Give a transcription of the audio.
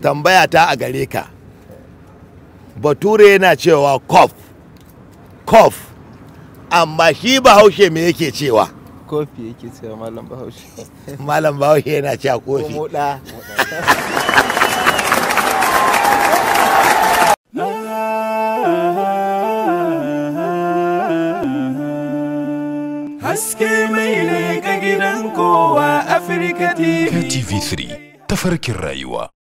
tambaya ta a gare ka bature yana cewa kof kof amma shi bahaushe me yake cewa kofi yake cewa malam bahaushe malam bahaushe yana cewa kofi haske mai ne ga gidan kowa afirka tv3 tafarkin rayuwa